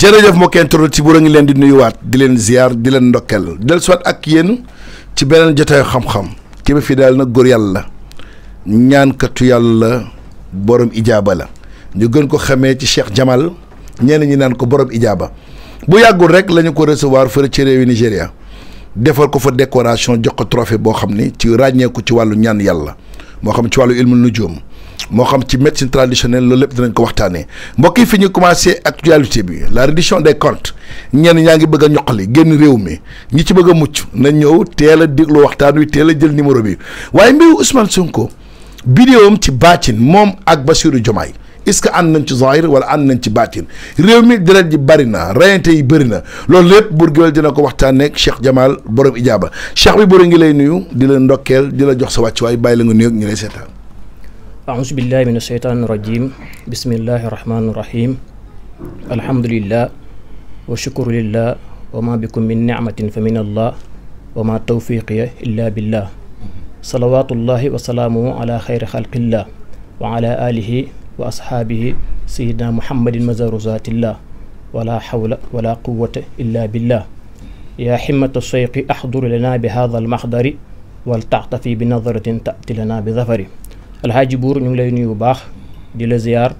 jërëjëf mbokki internet ci bu ngi leen di nuyuwaat di leen ziar di leen ndokkel del soit ak yéen ci beneen jotaayu xam-xam ki ba fi daal nag góor yàlla ñaankatu yàlla borom ijaaba la ñu gën ko xamee ci Cheikh Jamal ñenn ñi naan ko borom ijaaba bu yàggul rek lañu ko recevoir fële ci réewi Nigéria defal ko fa décoration jox ko trophée boo xam ni ci ràññeeku ci wàllu ñaan yàlla moo xam ci wàllu ilmu nujum moo xam ci médecine traditionnelle loolu lépp dinañ ko waxtaanee mbokk yi fi ñu commencé actualité bi la reddition des comptes ñenn ñaa ngi bëgg a ñoqali génn réew mi ñi ci bëgg a mucc nañ ñëw teel a déglu waxtaan wi teel a jël numéro bi waaye mbiru Ousmane Sonko bidéowam ci baatin moom ak Bassirou Diomaye est-ce que ànd nañ ci zahir wala ànd nañ ci baatin réew mi deret ji bëri na rayante yi bëri na loolu lépp buur géwél dina ko waxtaanee ak Cheikh Jamal borom Ijaaba Cheikh bi borom ngi lay nuyu di la ndokkeel di la jox sa wàccuwaay bàyyi la nga ñu lay seetaan أعوذ بالله من الشيطان الرجيم بسم الله الرحمن الرحيم الحمد لله والشكر لله وما بكم من نعمة فمن الله وما توفيقي إلا بالله صلوات الله وسلامه على خير خلق الله وعلى آله وأصحابه سيدنا محمد مزار ذات الله ولا حول ولا قوة إلا بالله يا حمة الشيخ أحضر لنا بهذا المحضر ولتعطفي بنظرة تأتي لنا بظفر alxaaji buur ñu ngi lay nuyu bu baax di la ziyaar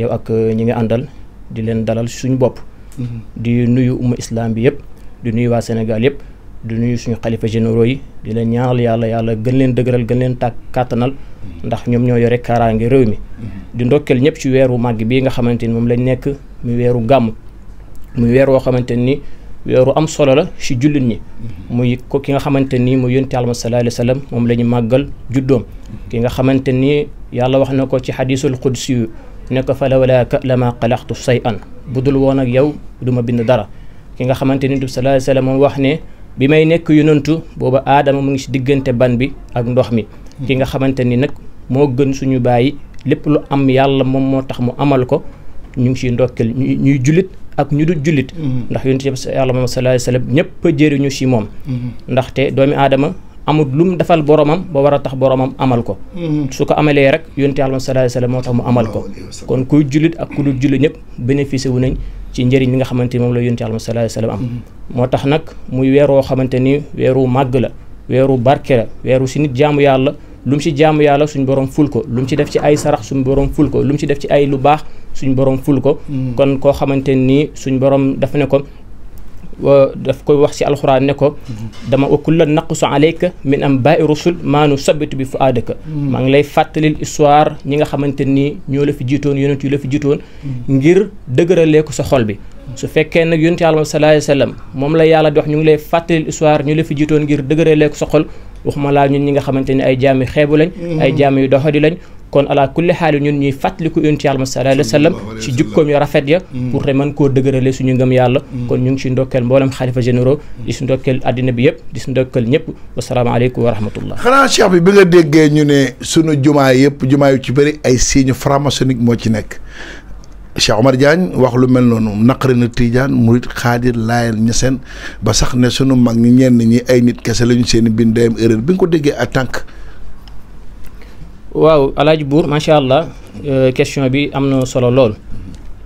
yow ak euh, ñi ngi àndal di leen dalal suñu bopp mm-hmm. di nuyu umma islam bi yëpp di nuyu Sénégal yëpp di nuyu suñu xalifa généraux yi di leen ñaanal yàlla yàlla gën leen dëgëral gën leen tàkk kàttanal mm-hmm. ndax ñoom ñoo yore kaaraange réew mi mm-hmm. di ndokkeel ñëpp ci weeru màgg bii nga xamante ni moom lañu nekk muy weeru gàmm muy weer woo xamante ni weeru am solo la ci jullit ñi muy ko ki nga xamante ni mu yonent Yàlla sallallahu alayhi moom la ñu màggal juddoom ki nga xamante ni yàlla wax na ko ci xadiisul qudsi yu ne ko fa lawlaaka lama xalaxtu say an bu dul woon ak yow du ma bind dara ki nga xamante ni sallallahu alayhi wa sallam wax ne bi may nekk yonantu booba aadama mu ngi si diggante ban bi ak ndox mi ki nga xamante ni nag moo gën suñu bàyyi lépp lu am yàlla moom moo tax mu amal ko ñu ngi siy ndokkeel ñuy jullit ak ñu dul jullit mm-hmm. ndax yonent yàlla moom sallallahu alayhi wa sallam jëriñu si moom mm-hmm. ndaxte doomi amul lu mu defal boromam ba war a tax boromam amal ko mm-hmm. su ko amalee rek yonte yàlla sallallahu alayhi wasallam moo tax mu amal ko kon kuy jullit ak ku dul ñëpp bénéficié wu nañ ci njëriñ li nga xamante ni moom la yonte yàlla sallallahu am mm-hmm. moo tax nag muy weer woo xamante ni weeru màgg la weeru barke la weeru si nit yàlla lu mu ci yàlla suñ borom ful ko lu mu ci def ci ay sarax suñu borom ful ko lu mu ci def ci ay lu baax suñu borom ful ko mm-hmm. kon koo xamante nii suñu borom dafa ne ko daf koy wax ci alxuraan ne ko mhm. dama wakkul la naqusu aleyka min am baai rusul maanu sabitu bi fu aadaka mhm. maa ngi lay fàttalil histoire ñi nga xamante ni ñoo la fi jiitoon yonent yu la fi jiitoon mhm. ngir dëgëralee ko sa xol bi su fekkee nag yonent yàlla sallallahu alayhi wa moom la yàlla di wax ñu ngi lay fàttalil histoire ñu la fi jiitoon ngir dëgëralee ko sa xol waxuma laa ñun ñi nga xamante ni ay jaam yu xeebu lañ ay jaam yu doxadi lañ kon ala kulli xaali ñun ñuy fàttaliku yonent yàlla ma sallallahu alayhi rafet ya mm. pour te koo dëgërale suñu ngëm yàlla mm. kon ñu ngi ndokkeel mboolem xalifa généraux mm. di àddina bi yëpp di si ndokkeel ñëpp wasalaamaaleykum wa rahmatullah xanaa cheikh bi bi nga déggee ñu ne suñu jumaa yëpp jumaa yu ci bëri ay signe franc-maçonnique moo ci nekk Cheikh Omar Diagne wax lu mel noonu naqari na Tijaan murit xaadir laayal ñeseen ba sax ne sunu mag ñi ñenn ñi ay nit kese la ñu seen i bindeem bi nga ko déggee ak tant waaw alaaji buur macha allah euh, question bi am na solo lool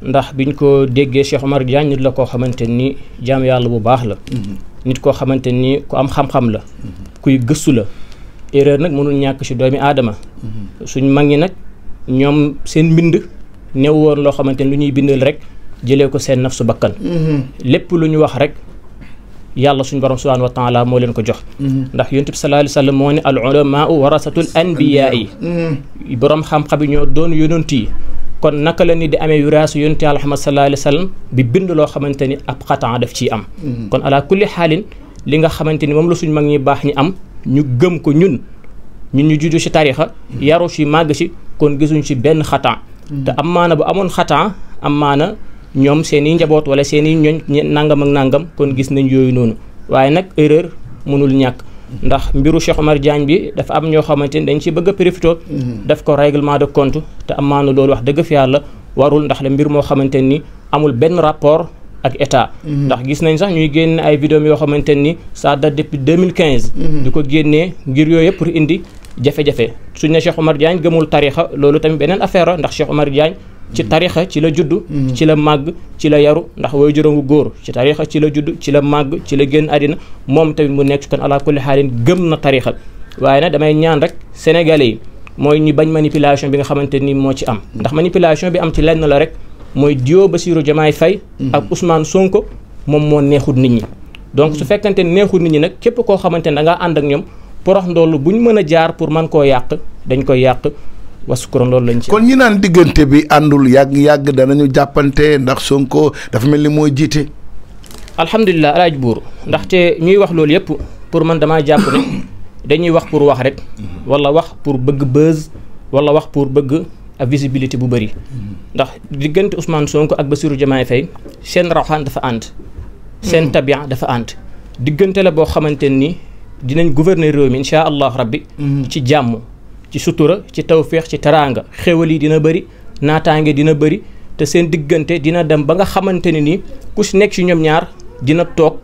ndax biñ ko déggee Cheikh Omar Diagne nit la koo xamante ni jaam yàlla bu baax la mhm. nit koo xamante ni ku am xam-xam la mhm. kuy gëstu la erreur nag mënul ñàkk ci doomi aadama mhm. suñ mag ñi nag ñoom seen mbind new woon loo xamante ni lu ñuy bindal rek jëlee ko seen naf su bakkan lépp lu ñu wax rek yàlla suñ borom subhanahu wa taala moo leen ko jox mm-hmm. ndax yonent bi sallallahu alayhi wa sallam moo ne al ulamaau warasatul anbiyaa yi mm-hmm. borom xam-xam yi ñoo doon yonent yi kon naka la ni di amee wiraasu yonent yàlla Muhammad sallallahu alayhi wa bi bind loo xamante ni ab xataa daf ciy am mm-hmm. kon ala kulli xaalin li nga xamante ni moom la suñ mag ñi baax ñi am ñu gëm ko ñun ñun ñu juju ci tarixa yaru ci màgg ci kon gisuñ ci benn xataa am maana bu amoon xataa maana ñoom seen i njaboot wala seen i ñoñ nangam ak nangam kon gis nañ yooyu noonu waaye nag erreur mënul ñàkk. ndax mbiru Cheikh Omar Diagne bi dafa am ñoo xamante ni dañ ci bëgg a profité mm-hmm. def ko règlement de compte te amaana loolu wax dëgg fi yàlla warul ndax la mbir moo xamante ni amul benn rapport ak état. Mm-hmm. ndax gis nañ sax ñuy génne ay vidéo yoo xamante ni ça date depuis 2015. Mm-hmm. di ko génnee ngir yooyu yëpp pour indi jafe-jafe suñ ne Cheikh Omar Diagne gëmul tarixa loolu tamit beneen affaire ndax Cheikh Omar Diagne. ci tarixa ci la juddu mm-hmm. ci la màgg ci la yaru ndax way juróom góor ci tarixa ci la judd ci la màgg ci la génn àddina moom tamit mu nekk ci kon ala kulli xaalin gëm na tarixa waaye nag damay ñaan rek sénégalais yi mooy ñu bañ manipulation bi nga xamante ni moo ci am ndax manipulation bi am ci lenn la rek mooy Dio Bassirou Diomaye Faye mm-hmm. ak usmaan Sonko moom moo neexul nit ñi donc su mm-hmm. fekkante neexul nit ñi nag képp koo xamante ne dangaa ànd ak ñoom porox ndoll bu ñu mën a jaar pour man yàq dañ koy yàq wasu kuréel loolu lañ ci. kon ñi naan diggante bi àndul yàgg yàgg danañu jàppante ndax Sonko dafa mel ni moo jiite. alhamdulilah alaaj buur ndaxte ñuy wax loolu yëpp pour man damaa jàpp ne dañuy wax pour wax rek wala wax pour bëgg buzz wala wax pour bëgg. ak visibilité bu bëri ndax diggante Ousmane Sonko ak Bassirou Diomaye Faye seen rawxaan dafa ànd seen hmm. tabian dafa ànd diggante la boo xamante ni dinañ gouverner réew mi incha allah rabbi hmm. ci jàmm ci sutura ci tawféex ci teraanga xéwal yi dina bëri naataange dina bëri te seen diggante dina dem ba nga xamante ne ni ku si nekk ci ñoom ñaar dina toog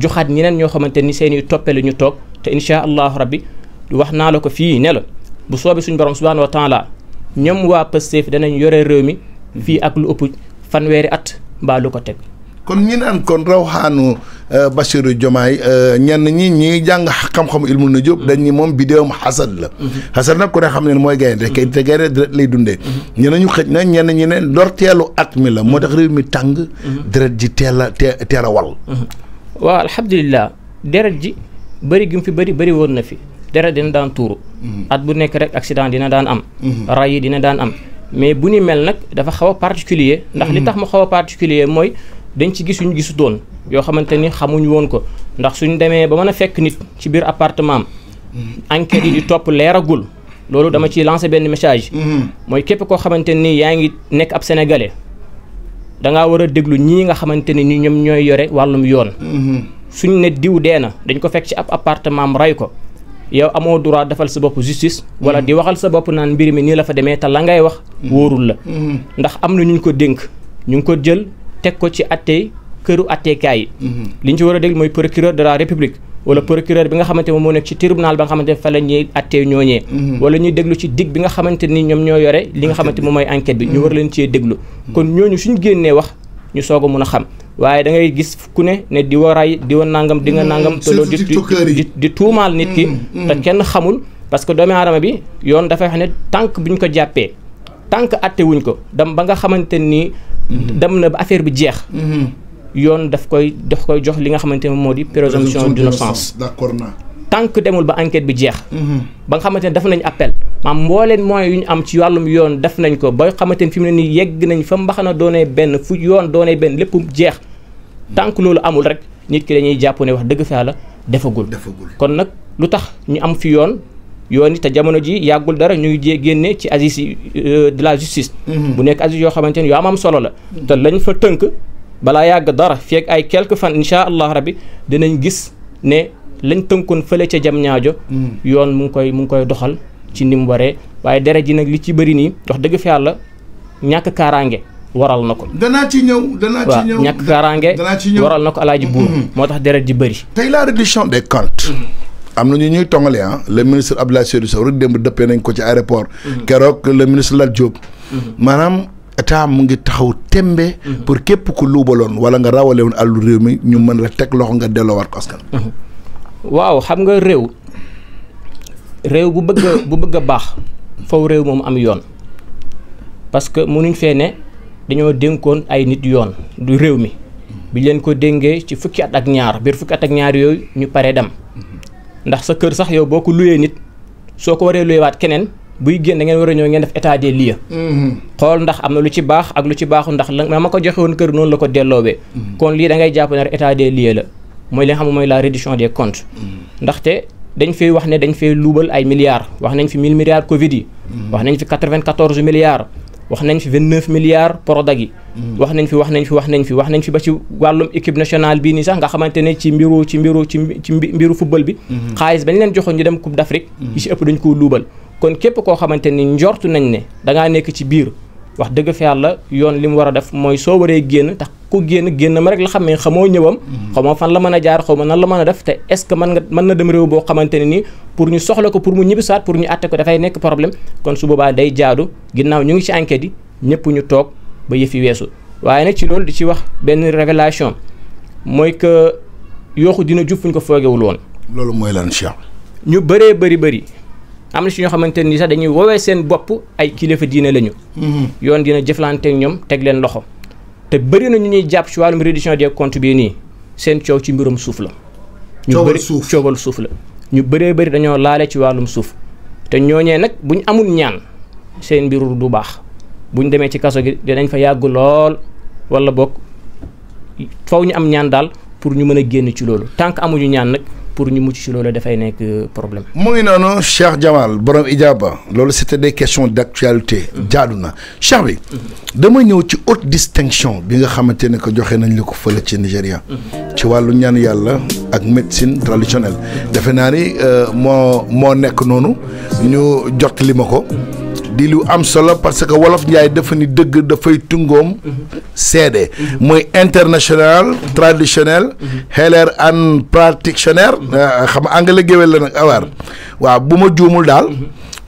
joxaat ñeneen ñoo xamante ni seen i toppe la ñu toog te incha allahu rabbi wax naa la ko fii ne la bu soobee suñu borom subhaana wa taala ñoom waa Pastef danañ yore réew mi fii ak lu ëpp fanweeri at mbaa lu ko teg. kon ñi naan kon raw xaanu euh, Bassirou Diomaye euh, ñenn ñi ñi jàng xam-xamu ilmu nujum mm-hmm. dañ ni moom bidéewam xasad la mm-hmm. xasad nag ku ne xam ne mooy gaynde kay mm-hmm. te gaynde deret lay dundee ñenn ñu xëj na ñenn ñi ne ndorteelu at mi la moo tax réew mi tàng deret ji teel a teel a wal waaw alhamdulilah deret ji bëri gi mu fi bëri bëri woon na fi deret dina daan tuuru at bu nekk rek accident dina daan am ray yi dina daan am mais bu ni mel nag dafa xaw a particulier ndax li tax mu xaw a particulier mooy dañ ci gis yuñ gisutoon yoo xamante ni xamuñu woon ko ndax suñu demee ba mën a fekk nit ci biir appartement am mm-hmm. enquêtes yi di topp leeragul loolu dama ci lancé benn message. Mm-hmm. mooy képp koo xamante ni yaa ngi nekk ab sénégalais dangaa war a déglu ñii nga xamante ni ni ñoom ñooy yore wàllum yoon. Mm-hmm. suñ ne diw dee na dañ ko fekk ci ab appartement am ko. yow amoo droit defal sa bopp justice wala di waxal sa bopp naan mbir mi nii la fa demee te la ngay wax wóorul la ndax ko dénk ñu ngi ko jël teg ko ci attey këru attekaay yi mhm. li ñu ci war a déglu mooy procureur de la république wala mhm. procureur bi nga xamante moom moo nekk ci tribunal ba nga xamante ne fa la ñuy attee ñooñee mhm. wala ñuy déglu ci dig bi nga xamante ni ñoom ñoo yore li nga xamante moom mooy enquête bi ñu war leen cee déglu kon ñooñu suñu génnee wax ñu soog mun a xam waaye da ngay gis fukk ne ne di wa ray di wa nangam di nga nangam te loolu di di tuumaal nit ki te kenn xamul parce que doomu aadama bi yoon dafay xam ne tànk bu ñu ko jàppee tant que atte wuñ ko dem ba nga xamante nii mhm. dem na ba affaire bi jeex. Mhm. yoon daf koy daf koy jox li nga xamante ne moo di. présomption d'innocence d'accord naa. tant que demul ba enquête bi jeex. Mhm. ba nga xamante ne def nañ appel. maam mbooleen moyens yu ñu am ci wàllum yoon def nañ ko ba xamante ne fi mu ne nii yegg nañ fa mbaxana doonee benn fu yoon doonee benn lépp jeex. tant loolu amul rek nit ki dañuy jàpp ne wax dëgg fa la defagul. defagul kon nag lu tax ñu am fi yoon yoon yi te jamono ji yàggul dara ñu ngi génne ci assises euh, de la justice mm-hmm. bu nekk assises yoo xamante ne yoo am am solo la mm-hmm. te lañ fa tënk balaa yàgg dara feeg ay quelques fan insha allah rabbi dinañ gis ne lañ tënkoon fële ca jam ñaajo mm-hmm. yoon mu ngi koy mu ngi koy doxal ci ni mu waree waaye deret ji nag li ci bëri nii wax dëgg fi yàlla ñàkk kaaraange waral na ko. danaa ci ñëw danaa ci ñëw waaw ñàkk kaaraange waral na ko alaaji buur moo tax deret ji bëri tey la reddition des comptes am na ñu ñuy tongale ah le ministre Abdoulaye Seydou Sow rek démb dëppee nañ ko ci aéroport. Mhm. keroog le ministre Lat Diop. Mhm. maanaam état mu ngi taxaw tembe. Mhm. pour képp ku luubaloon wala nga rawale woon àllu réew mi ñu mën la teg loxo nga delloowaat ko askan. waaw xam nga réew réew bu bëgg bu bëgg a baax faw réew moom am yoon parce que munuñ fee ne dañoo dénkoon ay nit yoon du réew mi bi leen ko déngee ci fukki at ak ñaar biir fukki at ak ñaar yooyu ñu paree dem. ndax sa kër sax yow boo ko luyee nit soo ko waree luyewaat keneen buy génn ngeen war a ñëw ngeen def état des lieux mm-hmm. xool ndax am na lu ci baax ak lu ci baaxu ndax la ma ko joxewoon kër noonu la ko delloobee mm-hmm. kon lii dangay ngay jàpp ne état des lieux la mooy li nga xam mooy la reddition des comptes mm-hmm. ndaxte dañ fay wax ne dañ fee luubal ay milliards wax nañ fi 1000 milliards Covid yi wax nañ fi 94 milliards wax nañ fi vingt neuf milliards Prodac mm. wax nañ fi wax nañ fi wax nañ fi wax nañ fi ba ci wàllum équipe nationale bii nii sax nga xamante ne ci mbiru ci mbiru ci ci mbiru football bi mm-hmm. xaalis bañ leen joxoon ñu dem coupe d'Afrique mm. yi ci ëpp dañ koo luubal kon képp koo xamante ni njortu nañ ne dangaa nekk ci biir wax dëgg fa yàlla yoon li mu war a def mooy soo waree génn tax ku génn génnam rek la xam ne xamoo ñëwam mhm. xamoo fan la mën jaar xaw ma nan la mën a def te est ce que mën nga mën na dem réew boo xamante ne nii pour ñu soxla ko pour mu ñibbisaat pour nekk problème kon su boobaa day jaadu ginnaaw ñu ngi ci enquête yi ñëpp ñu toog ba yëfi weesu waaye nag ci loolu di ci wax benn révélation mooy que yooxu dina jub fu ko foogewul woon loolu mooy lan Cheikh ñu bëree bëri bëri am na ci ñoo xamante ni sax dañuy woowee seen bopp ay kilifa diine lañu. Mhm. yoon dina jëflante ak ñoom teg leen loxo te bëri na ñu ñuy jàpp ci wàllum reddition des comptes bii nii seen coow ci mbirum suuf la. ñu suuf coowal suuf la ñu bëree bari dañoo laale ci wàllum suuf te ñooñee nag buñ amul ñaan seen mbiru du baax buñ demee ci kaso gi dinañ fa yàgg lool walla bokk faw ñu am ñaan daal pour ñu mën a génn ci loolu tant que amuñu ñaan nag. pour ñu mucc ci loolu dafay nekk problème. mu ngi noonu Cheikh Jamal borom Ijaba loolu c'était des questions d'actualité. Mhm. jaadu na Cheikh bi. Mhm. dama ñëw ci haute distinction bi nga xamante ne que joxe nañu la ko fële ci Nigéria. Mhm. ci wàllu ñaan yàlla ak médecine traditionnelle. defe naa ni euh, moo moo nekk noonu. ñu jot li ma ko. di lu am solo parce que wolof njaay dafa ni dëgg dafay tungoom seede mooy international traditionnel heller and practitioner euh, xam anglais géwél la nag awaar waaw bu ma juumul daal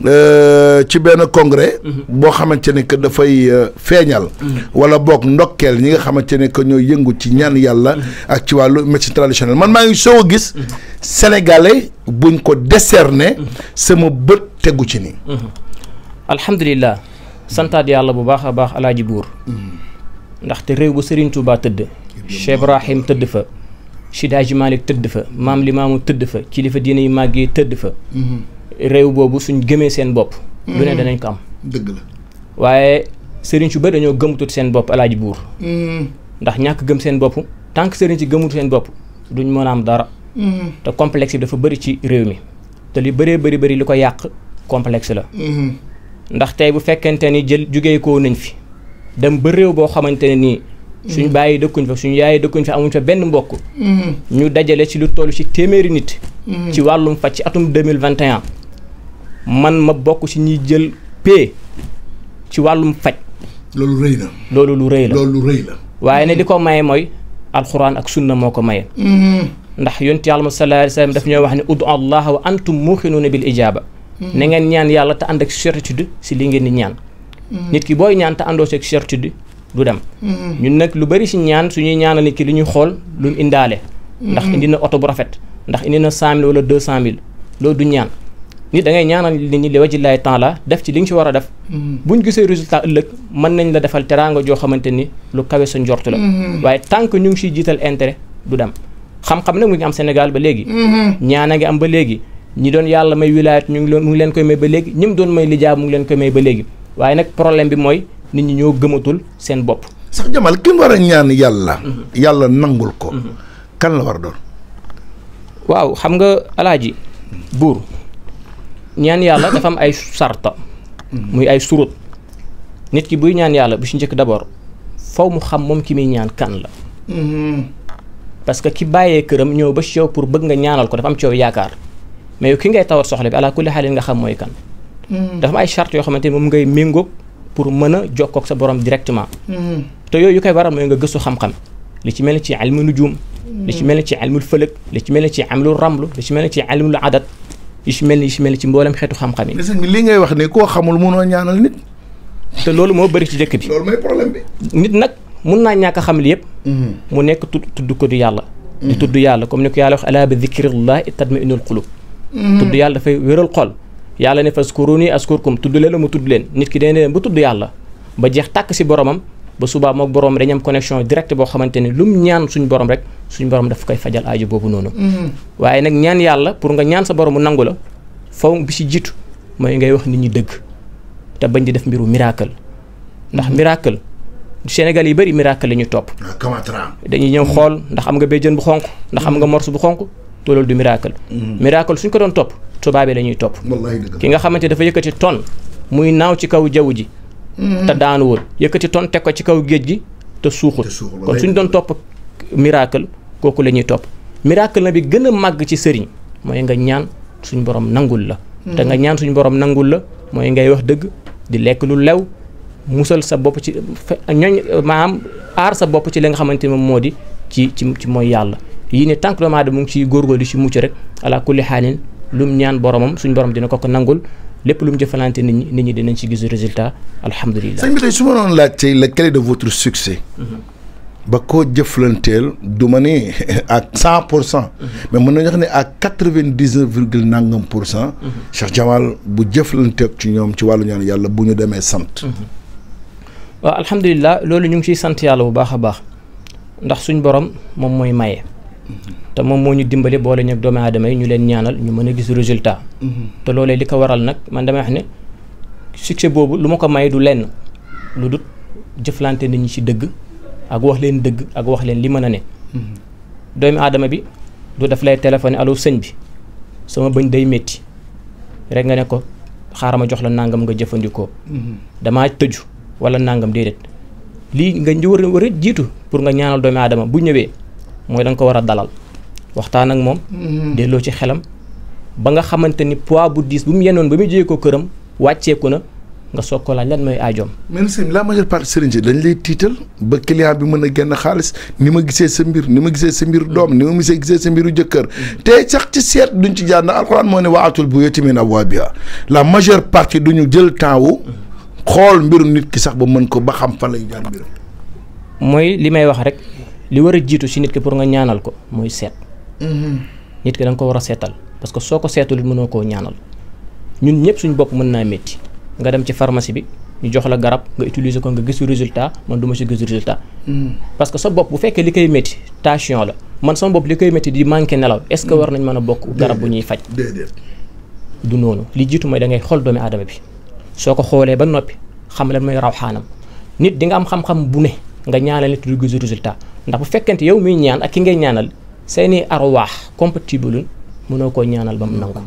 euh, ci benn congrès boo xamante ne que dafay euh, feeñal wala boog ndokkeel ñi nga xamante ne que ñooy yëngu ci ñaan yàlla ak ci wàllu médecine traditionnelle man maa ngi soog gis sénégalais buñ ko décerné sama bët tegu ci nii alhamdulillah santaat yàlla bu baax a baax alaaji buur ndaxte réew bu Serigne Touba tëdd Cheikh Ibrahim tëdd fa Sidaaji Malik tëdd fa maam Limaamu tëdd fa kilifa diine yu màgg tëdd fa réew boobu suñ gëmee seen bopp lu ne danañ ko am dëgg la waaye sëriñ su bëri dañoo gëmutut seen bopp alaaji buur mm. ndax ñàkk gëm seen bopp tant que sëriñ si gëmut seen bopp duñ mën am dara mm. te complexe bi dafa bëri ci réew mi te li bëree bëri bari li ko yàq complexe la mm-hmm. ndax tey bu fekkente ni jël jugee koo nañ fi dem ba réew boo xamante ne nii. suñu mm-hmm. bàyyi dëkkuñ fa suñu yaay dëkkuñ fa amuñ fa benn mbokk. Mm-hmm. ñu dajale ci lu toll ci téeméeri nit. Mm-hmm. ci wàllum faj ci atum deux mille vingt et man ma bokk ci ñuy jël paie ci wàllum faj. loolu rëy na. loolu lu rëy waaye ne li ko maye mooy alxuraan ak sunna moo ko maye. ndax yonent Yàlla sallallahu alayhi wa sallam daf ñoo wax ne udu allah bil ijaaba na mm. ngeen ñaan yàlla te ànd ak certitude si li ngeen di ñaan. Mm. nit ki booy ñaan te àndoo si ak certitude du dem. Mm. ñun nag lu bari si ñaan suñuy ñaanal nit ki li ñuy xool lu mu indaale. ndax indi na oto bu rafet ndax indi na cent mille wala deux cent mille loolu du ñaan. nit da ngay ñaanal nit ñi li wajilaay temps la def ci li nga ci war a def. ñu gisee résultat ëllëg mën nañ la defal teraanga joo xamante ni lu kawe sa njort la. Mm-hmm. waaye tant que ñu ngi siy jiital intérêt du dem. xam-xam nag mu Sénégal ba léegi. Mm-hmm. a léegi. ñi doon yàlla may wilaayat ñu ngi mu ngi leen koy may ba léegi ñi mu doon may lijaab mu ngi leen koy may ba léegi waaye nag problème bi mooy nit ñi ñoo gëmatul seen bopp. sax jamal ki mu war a ñaan yàlla. Mhm. yàlla nangul ko. Mhm. kan la war a doon. waaw xam nga alaaji buur ñaan yàlla dafa am ay sarta. Mhm. muy ay surut. nit ki buy ñaan yàlla bu si njëkk d'abord faw mu xam moom ki muy ñaan kan la. parce que ki bàyyee këram ñëw ba si yow pour bëgg nga ñaanal ko dafa am ci yaakaar. mais yow ki ngay tawat soxla bi ala kulli xaalin nga xam mooy kan. Hmm. dafa am ay charte yoo xamante ni moom ngay méngóog pour mën a jokkoog sa borom directement. Hmm. te yooyu yu koy waral mooy nga gëstu xam-xam li ci mel ni ci almu nujum li ci hmm. mel ni ci almul fëlëg li ci mel ni ci almul ramlu li ci mel ni ci almul adat li ci mel ni ci mel ni ci mboolem xeetu xam-xam yi. mais li ngay wax ne koo xamul mënoo ñaanal nit. te loolu moo bëri ci dëkk bi. loolu mooy problème bi. nit nag mun naa ñàkk a xam li yëpp. mu nekk tudd tudd ko du yàlla. di tudd yàlla comme ni ko yàlla wax alaa bi zikrillah tatma'innul qulub Mhm. tudd yàlla dafay wéral xol yàlla ne faskuruni askurkum tudd leen mu tudd leen nit ki dana leen ba tudd yàlla ba jeex tàkk si boromam ba subaa mook borom dañu am connexion direct boo xamante ne lum ñaan suñ borom rek suñ borom daf koy fajal aajo boobu noonu mhm. waaye nag ñaan yàlla pour nga ñaan sa borom mu nangu la faw bi si jiitu mooy ngay wax nit ñi dëgg te bañ di def mbiru miracle ndax mhm. miracle Sénégal yi bëri miracle la ñu topp ah, dañuy ñëw xool ndax am nga béjjën bu xonq ndax am nga morse bu xonq te loolu du miracle. Mm-hmm. miracle suñ ko doon topp tubaab yi la ñuy topp. ki nga xamante dafa yëkkati ton muy naaw ci kaw jaww ji. Mm-hmm. te daanuwul yëkkati ton teg ko ci kaw géej gi te suuxul. kon suñ doon topp miracle kooku la topp. miracle na bi gën a mag ci sëriñ mooy nga ñaan suñ borom nangul la. te nga mm-hmm. ñaan suñu borom nangul la mooy ngay wax dëgg di lekk lu lew. musal sa bopp ci ñooñ maanaam aar sa bopp ci la nga xamante moom moo di ci ci ci mooy yàlla yii ne tànk doomu aadama mu ngi ciy góorgóorlu ci mucc rek ala kulli xaalin lum ñaan boromam suñ borom dina ko ko nangul lépp lu mu jëfalante nit ñi nit ñi dinañ ci gis résultat alhamdulilah. sëñ bi tey su ma doon de votre succès. Mhm. ba koo jëflanteel du ma ne à cent pour cent. Mhm. mais mën nañu wax ne à quatre vingt dix neuf virgule nangam pour cent. Mhm. Cheikh Jamal bu jëflanteeg ci ñoom ci wàllu ñaan yàlla bu ñu demee sant. waaw alhamdulilah loolu ñu ngi ciy sant yàlla bu baax a baax ndax suñ borom moom mooy maye. te moom moo ñu dimbali boole ñu ak doomu aadama yi ñu leen ñaanal ñu mën a gis résultat. te loolee li ko waral nag man damay wax ne succès boobu lu ma ko may du lenn lu dut jëflante nit ñi ci dëgg ak wax leen dëgg ak wax leen li mën a ne. doomu aadama bi du daf lay téléphoné allo sëñ bi sama bëñ day metti rek nga ne ko xaaral ma jox la nangam nga jëfandikoo. dama tëju wala nangam déedéet lii nga war a war jiitu pour nga ñaanal doomu aadama bu ñëwee. mooy da nga ko war a dalal waxtaan ak moom. Mm-hmm. delloo ci xelam ba nga xamante ni poids bu diis bu mu yenoon ba muy jógee ko këram wàcceeku na nga soog ko laaj lan mooy aajoom. même sëñ la majeure partie sëriñ si dañ lay tiital ba client bi mën a génn xaalis ni ma gisee sa mbir ni ma gisee sa mbir doom ni ma gisee gisee sa mbiru jëkkër mm-hmm. te sax ci seet duñ ci jaar na alxuraan moo ne waatul bu na yëti bi abwaabiha la majeure partie duñu jël temps wu xool mbiru nit ki sax ba mën ko ba xam fan lay jaar mbiram. li may wax rek. li war a jiitu si nit ki pour nga ñaanal ko mooy seet. Mm-hmm. nit ki da ko war a seetal parce que soo ko seetul mënoo koo ñaanal ñun ñëpp suñu bopp mën naa métti nga dem ci pharmacie bi ñu jox la garab nga utiliser ko nga gisu résultat man du ma si gis résultat. Mm-hmm. parce que sa bopp bu fekkee li koy métti tension la man sama bopp li koy métti di manqué nelaw est ce que war nañ mën a bokk mm-hmm. garab bu ñuy faj. du noonu li jiitu mooy da ngay xool doomi aadama bi soo ko xoolee ba noppi xam lan mooy raw xaanam nit di nga am xam bu ne. nga ñaanal nit du gis résultat ndax bu fekkente yow muy ñaan ak ki ngay ñaanal seeni arwaax compatible mënoo koo ñaanal ba mu nangu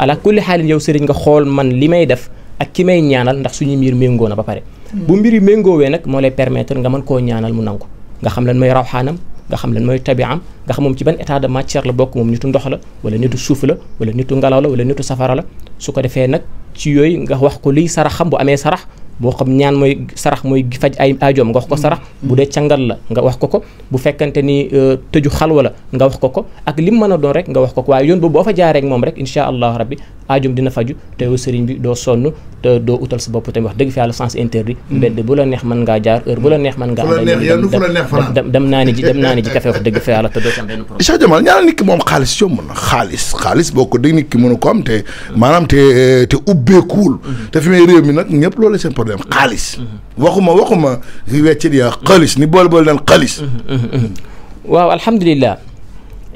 ala kulli xaalin yow sëriñ nga xool man li may def ak ki may ñaanal ndax suñu mbir méngoo na ba pare hmm. bu mbir mbiri méngoowee nag moo lay permettre nga mën koo ñaanal mu nangu nga xam lan mooy rawxaanam nga xam lan mooy tabiam nga xam moom ci ban état de matière la bokk moom nitu ndox la wala nitu suuf la wala nitu ngelaw la wala nitu safara la su ko defee nag ci yooyu nga wax ko liy saraxam bu amee sarax boo xam ñaan mooy sarax mooy faj ay aajoom nga wax ko sarax mm-hmm. bu dee cangal la nga wax ko ko bu fekkante ni euh, tëju xalwa la nga wax ko ko ak li mën a doon rek nga wax ko ko waaye yoon boobu boo fa jaaree ak moom rek incha allah rabbi aajum dina faju te yow sëriñ bi doo sonn te doo utal sa bopp tamit wax dëgg fi la sens interdit mm. mbedd bu la neex mën ngaa jaar heure bu la neex man ngaa dem dem naa ni dem naa ni ji café wax dëgg fi yàlla te doo ci am benn problème moom xaalis yomb na xaalis xaalis boo ko dégg nit ki mënu ko am te maanaam te te ubbeekuwul mm-hmm. te fi may réew mi nag ñëpp loolu seen problème xaalis mm-hmm. waxuma waxuma weccit ya xaalis ni bool bool naan xaalis mm-hmm. waaw alhamdulilah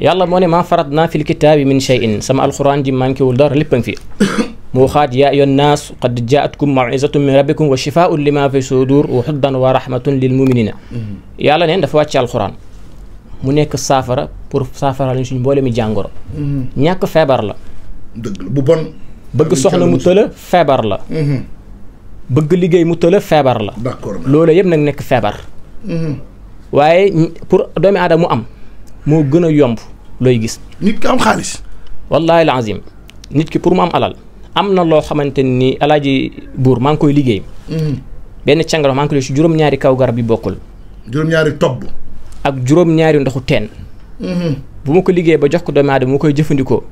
yàlla moo ne maa farat naa fil kitaabi min shay'in sama alxuraan ji manqué wul dara lépp a ngi fi mu waxaat yaa ayyuhan naas qad jaatkum mawizatun min rabbikum wa shifaun lima fi sudur wa huddan wa rahmatun lil muminina yàlla neen dafa wàcce alxuraan mu nekk saafara pour saafara lañ suñ mboole mi jàngoro ñàkk feebar la dëgg la bu bon bëgg soxna mu tëla feebar la mhm. bëgg liggéey mu tëla feebar la d'accord loolu yëpp nag nekk feebar mhm. waaye pour doomi aadama mu am moo gën a yomb looy gis. nit ki am xaalis. wallaahi la nit ki pour mu am alal am na loo xamante ni alaaji buur maa ngi koy liggéey. Mm-hmm. benn càngaro maa koy si juróom-ñaari kaw garab yi bokkul. juróom-ñaari tobb. ak juróom-ñaari ndoxu teen. Mm-hmm. bu ma ko liggéey ba jox ko doomu aadama mu koy jëfandikoo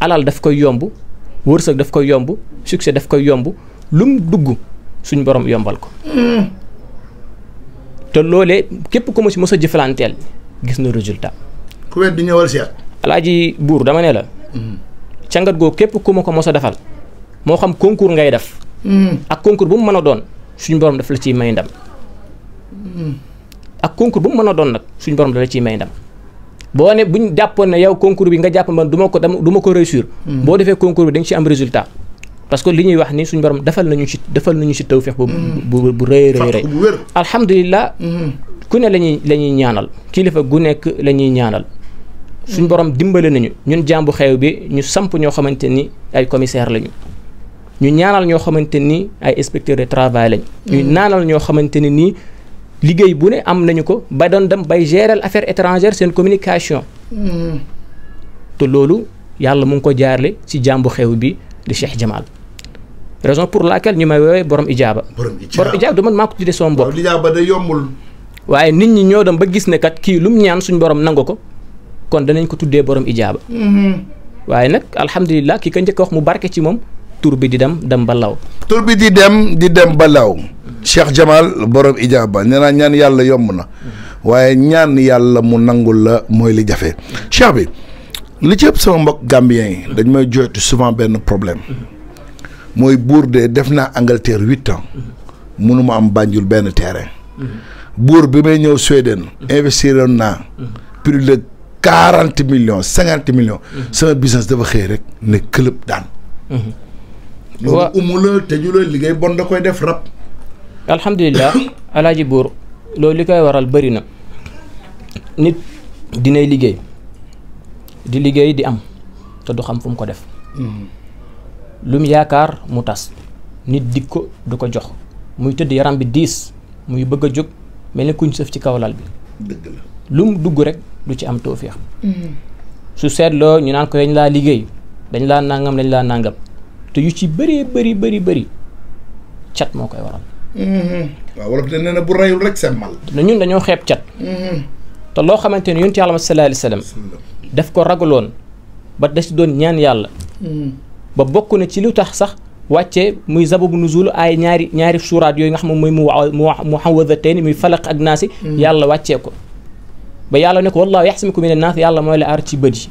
alal daf koy yomb wërsëg daf koy yomb succès daf koy yomb lum dugg suñ borom yombal ko. Mm-hmm. te loolee képp ko ma si mos a jëfalanteel gis na résultat. ku wet di ñëwal seet. alaaji buur dama ne la. Mm-hmm. càngat googu képp ku ma ko mos a defal moo xam concours ngay def. Mm-hmm. ak concours bu mu mën a doon suñu borom daf la ciy may ndam. Mm-hmm. ak concours bu mën a doon nag suñ borom daf la ciy may ndam. boo ne buñ ñu ne yow concours bi nga jàpp man duma ko dama duma ko réussir. boo defee concours bi da ci am résultat. parce que li ñuy wax ni suñ borom defal nañu ci defal nañu ci tawféex bu bu bu rëy rëy rëy alhamdulilah mm-hmm. ku ne lañuy la ñaanal kilifa gu nekk la ñuy ñaanal suñ borom dimbale nañu ñun jàmbu xew bi ñu samp ñoo xamante ni ay commissaire lañu ñu ñaanal ñoo xamante ni ay inspecteur de travail lañu ñu naanal mm-hmm. ñoo xamante ni nii liggéey bu ne am nañu ko ba doon dem bay gérer affaire étrangère seen communication mm-hmm. te loolu yàlla mu ngi ko jaarle ci jàmbu xew bi di Cheikh Jamal raison pour laquelle ñu may woowee borom ijaaba borom ijaaba du man maa ko tuddee sama bopp ijaaba da yombul waaye nit ñi ñoo dem ba gis ne kat kii lum ñaan suñ borom nangu ko kon danañ ko tuddee boroom ijaaba mhm. waaye nag alhamdulilah ki ka njëkk wax mu barke ci moom tur bi di dem dem ba law tur bi di dem di dem ba law Cheikh Jamal borom ijaaba nee naa ñaan yàlla yomb na mhm. waaye ñaan yàlla mu nangul la mooy li jafe Cheikh bi li ci ëpp sama mbokk gambien yi dañ may jot souvent benn problème mooy buur de def naa Angleterre huit ans mënuma am Banjul benn terrain buur bi may ñëw Suède investir naa plus de quarante millions cinquante millions sama business dafa xëy rek ne club daan loolu umu la tëju la liggéey bon da koy def rab alhamdulilah alaaji buur loolu li koy waral bëri na nit dinay liggéey di liggéey di am te du xam fu mu ko def mm-hmm. lum mu yaakaar mu tas nit dig ko du ko jox muy tëdd yaram bi diis muy bëgg a jóg mel ni kuñ sëf ci kaw lal bi dëgg dugg rek du ci am tawféex mm-hmm. su seetloo ñu naan ko dañ laa liggéey dañ laa nangam dañ laa nangam te yu ci bëree bëri bëri bëri cat moo koy waral mm-hmm. waaw wolof de nee na bu rayul rek seen mal ñun dañoo xeeb cat te loo xamante ne yonent Yàlla sallallahu alayhi daf ko ragaloon ba da si doon ñaan yàlla hmm. ba bokk na ci lu tax sax wàccee muy sababu nuzul ay ñaari ñaari suuraat yooyu nga xam ne muy mu muhawadatayni muy falaq ak naasi hmm. yàlla wàccee ko ba yàlla ne ko wallaahu yaxsimuka mina naas yàlla mooy la aar ci bët yi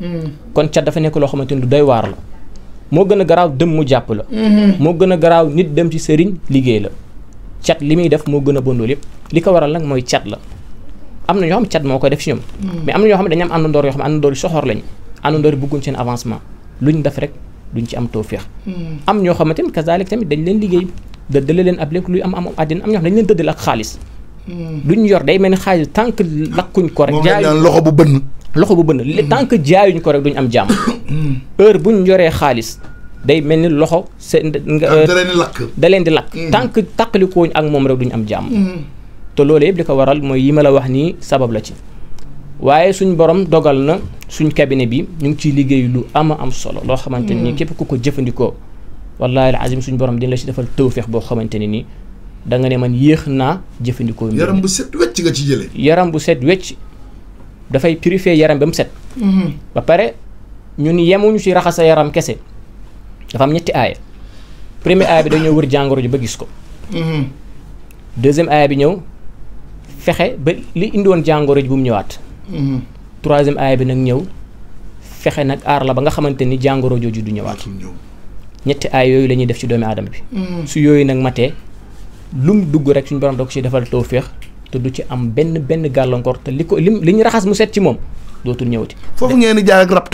hmm. kon cat dafa nekk loo xamante ni du doy waar la moo gën a garaaw dëm mu jàpp la moo gën a garaaw nit dem ci sëriñ liggéey la cat li muy def moo gën a bondool yëpp li ko waral nag mooy cat la am na ñoo xam cat moo koy def ci ñoom. Hmm. mais am na ñoo xam ne dañu am àndandoor yoo xam ne àndandoor yu lañu àndandoor yi bëgguñ seen avancement luñ def rek duñ ci am tawfeex. Hmm. am ñoo xamante ni kazaalik tamit dañ leen liggéey dëddale leen ab lépp luy am am àddina am ñoo xam dañ leen dëddale ak xaalis. Hmm. yor day mel ni xaalis tant que lakkuñ ko rek. jaayuñ loxo bu bënn. loxo bu bënn tant que jaayuñ ko rek duñ am jàmm. heure buñ yoree xaalis. day mel ni loxo seen. da leen da leen di lakk. tant que tàqalikoo ak moom rek duñ am jàmm te loolu yëpp li ko waral mooy yi ma la wax nii sabab la ci waaye suñ borom dogal na suñ cabinet bi ñu ngi ciy liggéey lu ama am solo loo xamante ni mm. képp ku ko jëfandikoo wallaahi alazim suñ borom dina la ci defal tawféex boo xamante ne nii danga ne man yéex naa jëfandikoo. yaram bu set nga ci jëlee. yaram bu set wecc dafay purifier yaram ba mu set. Mm-hmm. ba pare ñun yemuñu ci raxasa yaram kese dafa am ñetti aaya premier aaya bi dañoo wër jàngoro ji ba gis ko. Mm-hmm. deuxième aaya bi ñëw. fexe ba li indiwoon jàngoro ji bu mu ñëwaat. Mm-hmm. troisième aaya bi nag ñëw fexe nag aar la ba nga xamante ni jàngoro jooju du ñëwaat. ñetti aay yooyu lañuy def ci doomi aadama bi. Mm-hmm. su yooyu nag matee lum dugg rek suñu borom da ko ci defal tawféex te du ci am benn benn gàllankoor te li ko lim li ñu mu set ci moom dootul ñëwati. foofu ngeen di jaar ak rab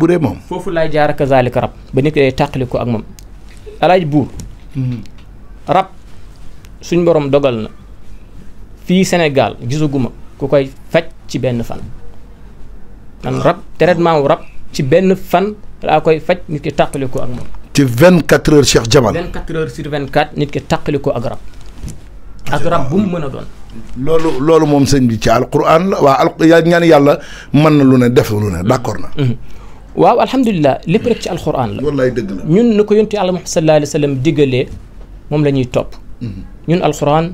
bu dee moom. foofu laay jaar ak zaalika rab ba nit ko ak moom alaaj mm-hmm. suñ borom dogal na. fii Sénégal gisaguma ku koy faj ci benn fan man ah. rab traitement wu rab ci benn fan laa koy faj nit ki tàqali ko ak moom ci 24 heures Cheikh Jamal 24 heures sur 24 nit ki tàqali ko ak rab bu mu mën a doon loolu loolu moom sëñ bi ci alquran la waaw al yaa ñaan yàlla mën na lu ne def lu ne d'accord na mhm. Mhm. waaw alhamdulilah lépp rek ci alquran la wallaay dëgg la ñun ni ko yontu ti Muhammad sallallahu alayhi wa sallam diggalee moom la ñuy topp mhm. ñun alquran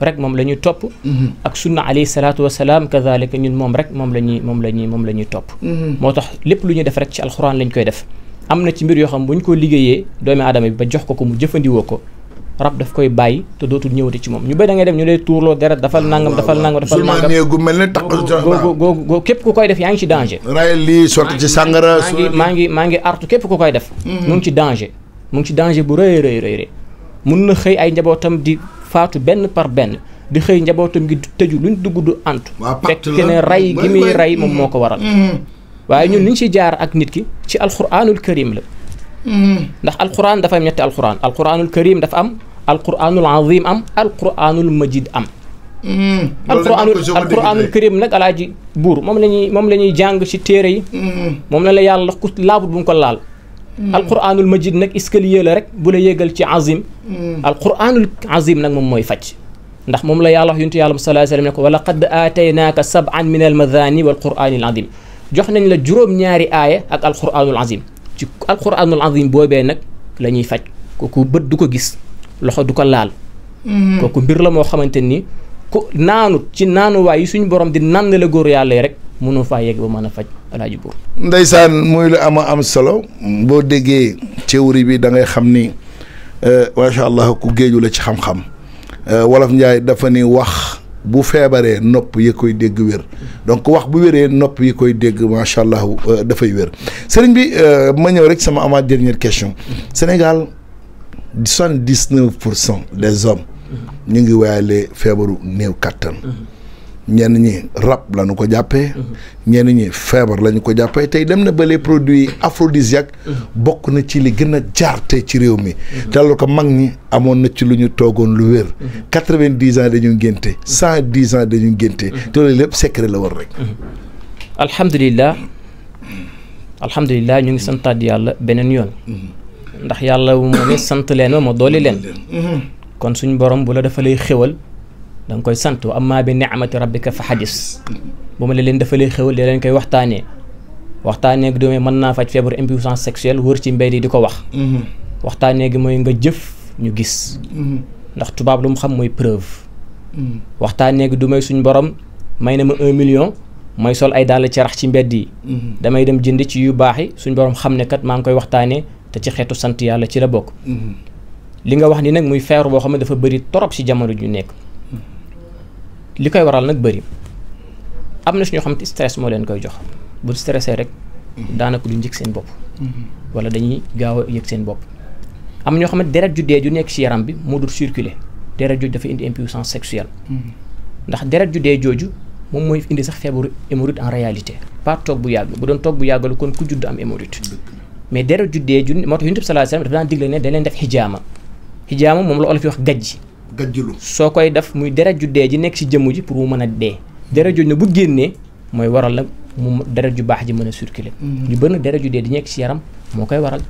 rek moom la ñuy topp mhm. ak sunna alayhi salaatu wasalaam kazalika ñun moom rek moom la ñuy moom la ñuy moom la ñuy topp mhm. moo tax lépp lu ñuy def rek ci alxuraan lañ koy def am na ci mbir yoo xam bu ñu ko liggéeyee doomi aadama bi ba jox ko ko mu jëfandikoo ko rab daf koy bàyyi te dootul ñëwati ci moom ñu bëri da ngay ñu lay tuurloo deret dafal nangam dafal nangam nangam gu mel ne takk googu képp ku koy def yaa ngi ci danger ray lii sotti ci sàngara maa ngi maa ngi mhm. bu rëy rëy rëy mun na xëy ay faatu benn par benn di xëy njabootam gi tëju luñ dugg du antu fekk ne rey gi muy rey moom moo ko waral mm-hmm. waaye ñun liñ mm-hmm. ci jaar ak nit ki ci alxuraanul karim la mm-hmm. ndax alxuraan dafa am ñetti alxuraan alxuraanul karim dafa am alxuraanul azim am alxuraanul majid am alquranul alquranul karim nag alaaji buur moom lañuy moom la ñuy jàng ci téere yi moom la la yàlla ku laabut bu mu ko laal Mm. alquranul majid nag escalier la rek bu la yéegal ci azim mm. alquranul azim nag moom mooy faj ndax moom la yàlla wax yuntu yàlla mu salaa sallam ne ko wa laqad aataynaaka sab'an min almadani wal quranil azim jox nañ la juróom-ñaari aaya ak alquranul azim ci alquranul azim boobee nag la ñuy faj kooku bët du ko gis loxo du ko laal mm. kooku mbir la moo xamante ni ku naanut ci naanuwaay yi suñu borom di nan la góor yàlla rek mënoo faa yegg ba mën a faj alaaji buur ndeysaan muy lu ama am solo boo déggee théorie bi da ngay xam ni euh, macha allah ku géeju la ci xam-xam euh, wolof njaay dafa ni wax bu feebaree nopp yi koy dégg wér donc wax bu wéree nopp yi koy dégg macha allah euh, dafay wér sëriñ bi ma ñëw rek sama ama dernière question Sénégal soixante-dix-neuf pour cent des hommes ñu ngi waayalee feebaru néew kattan. ñenn ñi rab lañu ko jàppee. Mhm. ñenn ñi feebar lañu ko jàppee tey dem na ba produit produits aphrodisiaques. Mhm. bokk na ci li gën a jaarte ci réew mi. Mhm. te ko mag ñi amoon na ci lu ñu toogoon lu wér. quatre-vingt-dix ans dañu ngénte cent dix ans dañu ngénte te loolu lépp secret la war rek. alhamdulilah alhamdulilah ñu ngi santaat yàlla beneen yoon. ndax yàlla moo ne sant leen ma ma dooli leen. kon suñu borom bu la dafa lay xéwal. da koy sant wa amma bi ni'mati rabbika fa xadis bu ma la leen dafa defalee xew da leen koy waxtaanee waxtaanee gi doomee mën naa faj feebar impuissance sexuelle wër ci mbedd yi di ko wax mhm. waxtaanee gi mooy nga jëf ñu gis mhm. ndax tubaab lu mu xam mooy preuve mhm. waxtaanee gi du may suñ borom may na ma un million may sol ay dàll ci rax ci mbedd yi damay dem jënd ci yu baax suñ borom xam ne kat maa ngi koy waxtaanee te ci xeetu sant yàlla ci la bokk li nga wax ni nag muy feebar boo xam ne dafa bëri torop ci jamono ju nekk li koy waral nag bari am na suñoo xam te stress moo leen koy jox bu stressé rek mhm. daanaka du yëg seen bopp mhm. wala dañuy gaaw a yëg seen bopp am ñoo xam ne deret ju dee ju nekk ci yaram bi moo dul circuler deret jooju dafa indi impuissance sexuelle mhm. ndax deret ju dee jooju moom mooy indi sax feebaru hémorroïde en réalité pas toog bu yàgg bu doon toog bu yàggalu kon ku judd am hémorroïde mais deret ju dee ju moo tax yonent bi sallallahu alayhi wasallam dafa daan digle ne da leen def xijaama xijaama moom la olof yi wax gajj gàjjilu soo koy def muy deret ju dee ji nekk si jëmm ji pour mu mën a dee deret jooju na bu génnee mooy waral la mu deret ju baax ji mën a circuler ñu mhm. bëri nag deret dee di nekk si yaram moo koy waral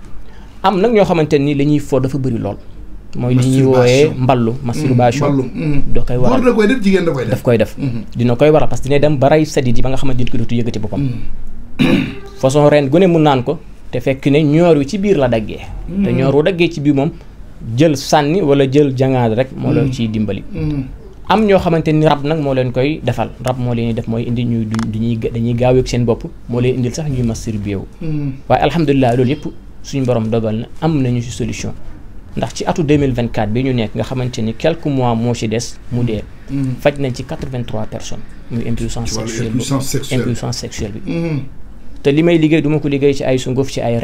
am nag ñoo xamante nii li ñuy foo dafa bëri lool mooy li ñuy wooyee mballu mhm, masturbation mhm. da koy waral da koy def jigéen da koy def daf koy def dina koy waral parce dina dem ba rey sadit yi ba nga xamante nit ko dootu yëgati boppam façon ren gune mu naan ko te fekk ne ñoor wi ci biir la daggee te ñoor wu daggee ci biir moom jël sànni wala jël jangaar rek moo la mm. ciy dimbali mm. am ñoo xamante ni rab nag moo leen koy defal rab moo leen def mooy indi ñuy duñuy dañuy gaaweeg seen bopp moo leen indil sax ñuy masturbé wu mm. waaye alhamdulilah loolu yëpp suñu borom dogal na am nañu ci solution ndax ci atu 2024 bi ñu nekk nga xamante ni quelques mois moo ci des mu dee faj nañ ci 83 personnes muy impuissance sexuelle impuissance sexuelle bi te li may liggéey duma ko liggéey ci ay sunguf ci ay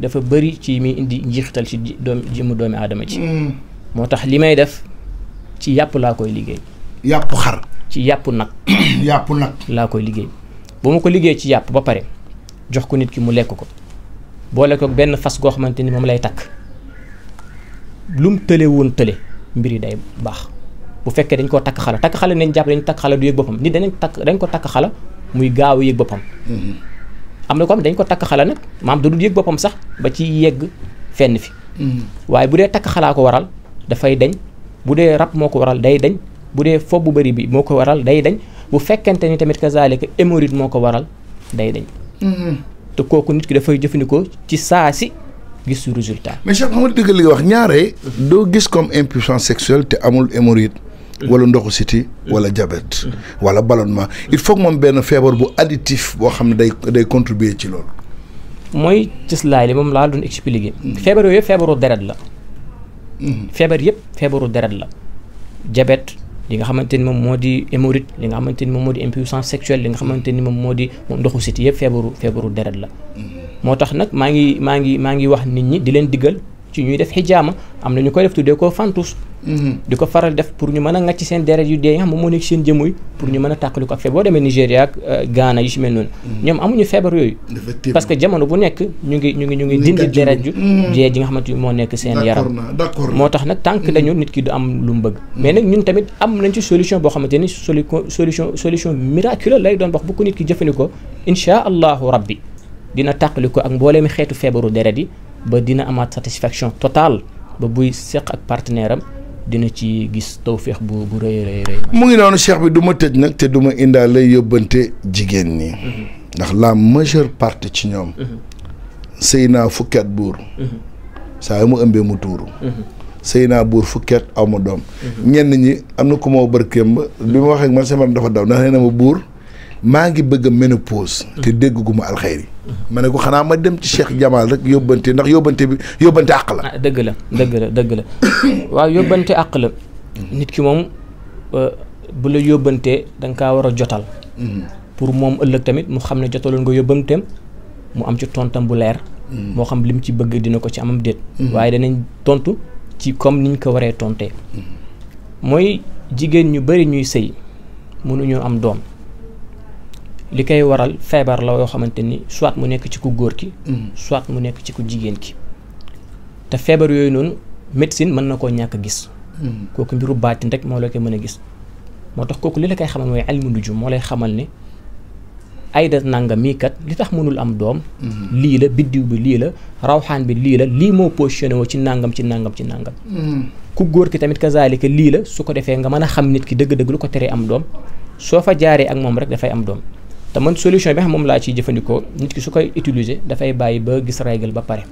dafa bari ci mi indi njiixtal ci doom jëmm doomi aadama ci mm. moo tax li may def ci yàpp laa koy liggéey yàpp xar ci yàpp nag yàpp nag laa koy liggéey bu ma ko liggéey ci yàpp ba pare jox ko nit ki mu lekk ko boole ko benn fas goo xamante ni moom lay takk lum tële woon tële mbir yi day baax bu fekkee dañ koo takk xala takk xala nañ jàpp dañ takk xala du yëg boppam nit dañ takk dañ ko takk xala muy gaaw yëg boppam mm-hmm. am na ko xam dañ ko takk xala nag maam du dul yëg boppam sax ba ci yegg fenn fi mm. waaye bu dee takk xalaa ko waral dafay dañ bu dee rab moo ko waral day dañ bu dee fob bu bëri bi moo ko waral day dañ bu fekkente ni tamit kazaalika hémorroïde moo ko waral day dañ mm-hmm. te kooku nit ki dafay jëfandikoo ci saa si gis su résultat mais Cheikh xam nga dëgg li nga wax ñaare doo gis comme impuissance sexuelle te amul hémorroïde wala ndoxu siti wala diabète wala ballonnement il faut moom benn feebar bu additif boo xam ne day day contribuer ci loolu mooy cëslaay li moom laa doon expliquer feebar yooyu yëpp feebaru deret la feebar yëpp feebaru deret la diabète li nga xamante ni moom moo di hémorroïde li nga xamante ni moom moo di impuissance sexuelle li nga xamante ni moom moo di ndoxu siti yëpp feebaru feebaru deret la mm-hmm. moo tax nag maa ngi maa ngi maa ngi wax nit ñi di leen diggal ci ñuy def xijaama am na ñu koy def tuddee ko fantus mhm. di ko faral def pour ñu mën a ngàcc seen deret yu dee yi nga xam moom moo nekk seen jëmm yi pour ñu mën a tàqali ko boo demee Nigéria ak euh, Ghana yu si mel mhm. amuñu feebar yooyu parce que jamono bu nekk ñu ngi ñu ngi ñu ngi dindi deret mhm. ji nga xamante moo nekk seen yaram moo tax nag tànk dañu nit ki du am lu mu bëgg mais nag ñun tamit am nañ ci solution boo xamante ni solution solution miraculeuse lay doon wax bu ko nit ki jëfandikoo inchaa allahu rabbi dina tàqali ko ak mbooleemi xeetu feebaru deret yi ba dina amaat satisfaction totale ba buy seq ak partenaire am dina ci gis tawféex bu bu rëy rëy rëy. mu ngi noonu cheikh bi du ma tëj nag te duma ma indaale yóbbante jigéen ñi. Mm-hmm. ndax la majeure parti ci ñoom. sëy naa fukki buur. saa yu mu ëmbee mu tuuru. Mm-hmm. sëy naa buur fukki at aw ma doom. Mm-hmm. ñenn ñi am na ko ma woo barkeem ba. bi ma waxee ak man sama dafa daw ndax nee na ma buur. maa ngi bëgg a ménopause te dégg gu ma alxeyri ma ne ko xanaa ma dem ci Cheikh Jamal rek yóbbante ndax yóbbante bi yóbbante àq la dëgg ah, dëgg la dëgg àq la nit ki moom euh, bu la yóbbantee danga ka war a jotal mm-hmm. pour moom ëllëg tamit mu xam ne jotaloon nga yóbbanteem mu am ci tontam bu leer mm-hmm. moo xam li mu ci bëgg dina ko ci amam déet mm-hmm. waaye danañ tontu ci comme niñ ko waree tontee mooy jigéen ñu bari ñuy sëy mënuñoo am doom li koy waral feebar la yoo xamante ni soit mu nekk ci ku góor ki mm-hmm. soit mu nekk ci ku jigéen ki te feebar yooyu noonu médecine mën na koo ñàkk gis mm-hmm. kooku mbiru baatin rek moo la koy mën a gis moo tax kooku li la koy xamal mooy almu nujum moo lay xamal ne ayda nanga mii kat li tax mënul am doom mm-hmm. lii la biddiw bi lii la rawxaan bi lii la lii moo positionné woo ci nangam ci nangam ci nangam ku góor ki tamit kazalika lii la su ko defee nga mën a xam nit ki dëgg-dëgg lu ko teree am doom soo fa jaaree ak moom rek dafay am doom te man solution bi xam moom laa ciy jëfandikoo nit ki su koy utiliser dafay bàyyi ba gis règle ba pare.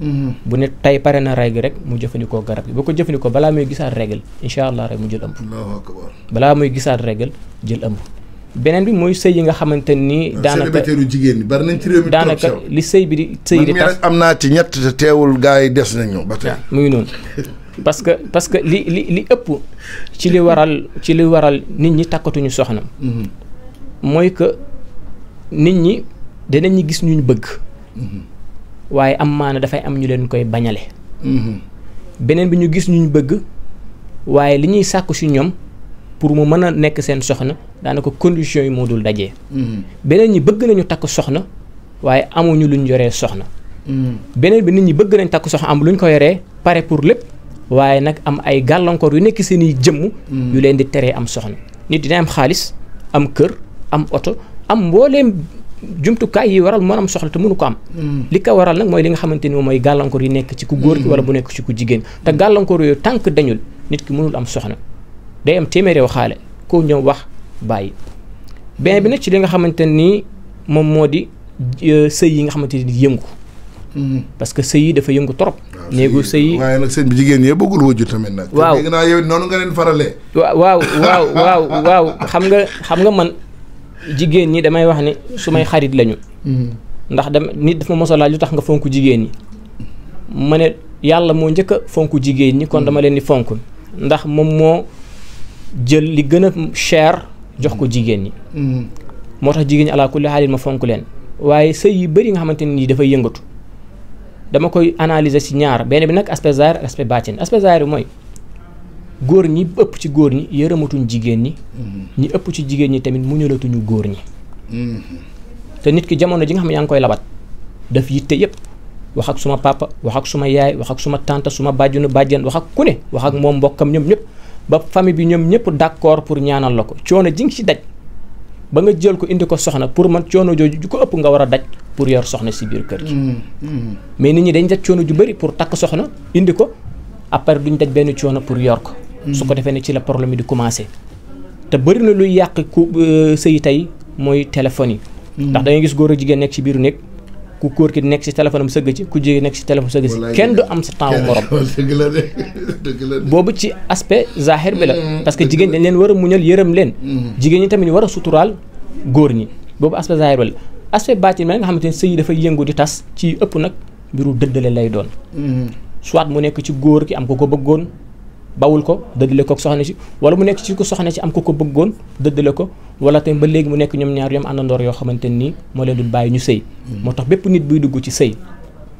Mm-hmm. bu ne tey pare na règle rek mu jëfandikoo garab gi boo ko jëfandikoo balaa muy gisaat règle incha allah rek mu jël ëmb. balaa muy gisaat règle jël ëmb. beneen bi mooy sëy yi nga xamante ni. Ah, daanaka célibataire jigéen ñi bari nañ ci réew mi daanaka li sëy bi di. sëy di tas am naa ñett te gars yi des nañu ba tey. mu ngi noonu parce que parce que li li li ëpp ci li waral ci li waral nit ñi takkatuñu soxna mm-hmm. mooy que nit ñi dinañ ñi gis ñuñ bëgg mm-hmm. waaye am maana dafay am ñu leen koy bañale mm-hmm. beneen bi ñu gis ñu ñu bëgg waaye li ñuy sàkku ci ñoom pour mu mën a nekk seen soxna daanaka condition yi moo dul dajee mm-hmm. beneen ñi bëgg nañu takk soxna waaye amuñu luñ yore soxna beneen bi nit ñi bëgg nañ takk soxna am luñ ko yoree pare pour lépp waaye nag am ay gàllankoor yu nekk seen i jëmm yu leen di teree am soxna nit dina am xaalis am kër am oto am mbooleem jumtukaay yi waral mën am soxla te mënu ko am mm. li ko waral nag mooy li nga xamante ni moom mooy gàllankoor yi nekk ci ku góor ki wala bu nekk ci ku jigéen mm. te gàllankoor yooyu tànk dañul nit ki mënul am soxna day am téeméeri waxaale koo ñëw wax bàyyi bi nag ci li nga xamante nii moom moo di euh, sëy yi nga xamante ni yëngu mm-hmm. parce que sëy yi dafa yëngu trop ah, néegu sëy yi jigéen ñee bëggul wujju tamit nag waaw dégg naa yow noonu waaw waaw waaw waaw waaw xam nga xam nga man jigéen ñi damay wax ni su may xarit lañu. Mm-hmm. ndax dama nit dafa mos a lu tax nga fonk jigéen ñi ma ne yàlla moo njëkk a fonk jigéen ñi kon dama mm-hmm. leen di fonk ndax moom moo jël li gën a cher jox ko jigéen ñi. Mm-hmm. moo tax jigéen ñi alaa kulli xaalin ma fonk leen waaye sëy yi bëri nga xamante ni dafay yëngatu dama koy analyser ci ñaar benn bi nag aspect zahir ak aspect baatin aspect zahir bi mooy. góor ñi ëpp ci góor ñi yërëmatuñ jigéen ñi mhm. ñi ëpp ci jigéen ñi tamit muñalatuñu góor ñi mhm. te nit ki jamono ji nga xam ne yaa ngi koy labat daf yitte yëpp wax ak suma papa wax ak suma yaay wax ak suma tante suma nu bàjjan wax ak ku ne wax ak moom mbokkam ñoom ñëpp ba famille bi ñoom ñëpp d'accord pour ñaanal la ko coono ji ngi ci daj ba nga jël ko indi ko soxna pour man coono jooju ju ko ëpp nga war a daj pour yor soxna si biir kër gi mhm. mais nit ñi dañ daj coono ju bëri pour takk soxna indi ko après duñ daj benn coono pour yor ko su ko mm-hmm. defee ne ci la problème yi di commencé te bëri na luy yàq ku euh, sëy tey mooy téléphone yi mm-hmm. ndax da gis góor ak jigéen nekk ci biiru nekk ku góor ki nekk ci téléphone sëgg ci ku jigéen nekk ci téléphone sëgg ci kenn du am sa temps wu morom boobu ci aspect zahir bi la mm-hmm. parce que jigéen dañ leen war a muñal yërëm leen jigéen ñi tamit war a suturaal góor ñi boobu aspect zahir bi la aspect baatin bi nga xamante ne sëy dafay yëngu di tas ci ëpp nag mbiru dëddale lay doon soit mu nekk ci góor ki am ko ko bëggoon bawul ko dëddale ko soxna si wala mu nekk ci ko soxna si am ko ko bëggoon dëddale ko wala tamit ba léegi mu nekk ñoom ñaar ñoom àndandoor yoo xamante nii moo leen dul bàyyi ñu sëy mm. moo tax bépp nit buy dugg ci sëy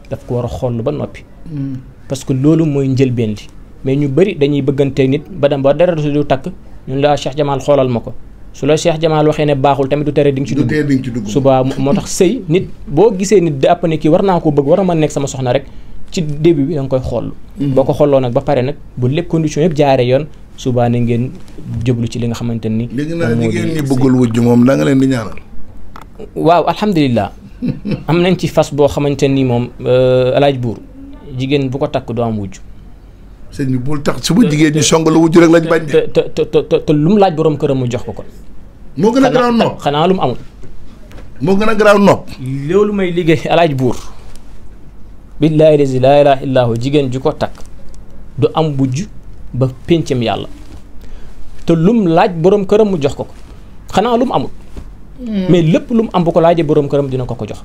daf ko war a xool ba noppi mm. parce que loolu mooy njëlbeen li mais ñu bëri dañuy bëgganteeg nit ba dem ba dara du takk ñun la Cheikh Jamal xoolal ma ko su la Cheikh Jamal waxee ne baaxul tamit du tere di nga ci dugg suba moo tax sëy nit boo gisee nit dàpp ne kii war naa ko bëgg war a mën nekk sama soxna rek ci début bi da nga koy xool. Mm-hmm. boo ko xooloo nag ba pare nag bu lépp condition yëpp jaaree yoon subaa na ngeen jublu ci li nga xamante ni. léegi naa jigéen ñi bëggul wujj moom da nga leen di ñaanal. waaw alhamdulilah. am nañ ci fas boo xamante ni moom euh, alaaj buur jigéen bu ko takk doo am wujj. sëñ bi tax suba jigéen ñi song la wujj rek lañ bañ. te te te te lu mu laaj borom këram mu jox ko kon. moo gën a garaaw nopp xanaa lu mu amul. moo gën a garaaw loolu may liggéey alaaj buur. billahi lazi laa ilaaha illaa jigéen ju ko takk du am wujj ba péncam yàlla te lum laaj borom këram mu jox ko ko xanaa lum amul hmm. mais lépp lum am bu laaj laajee borom këram dina ko ko jox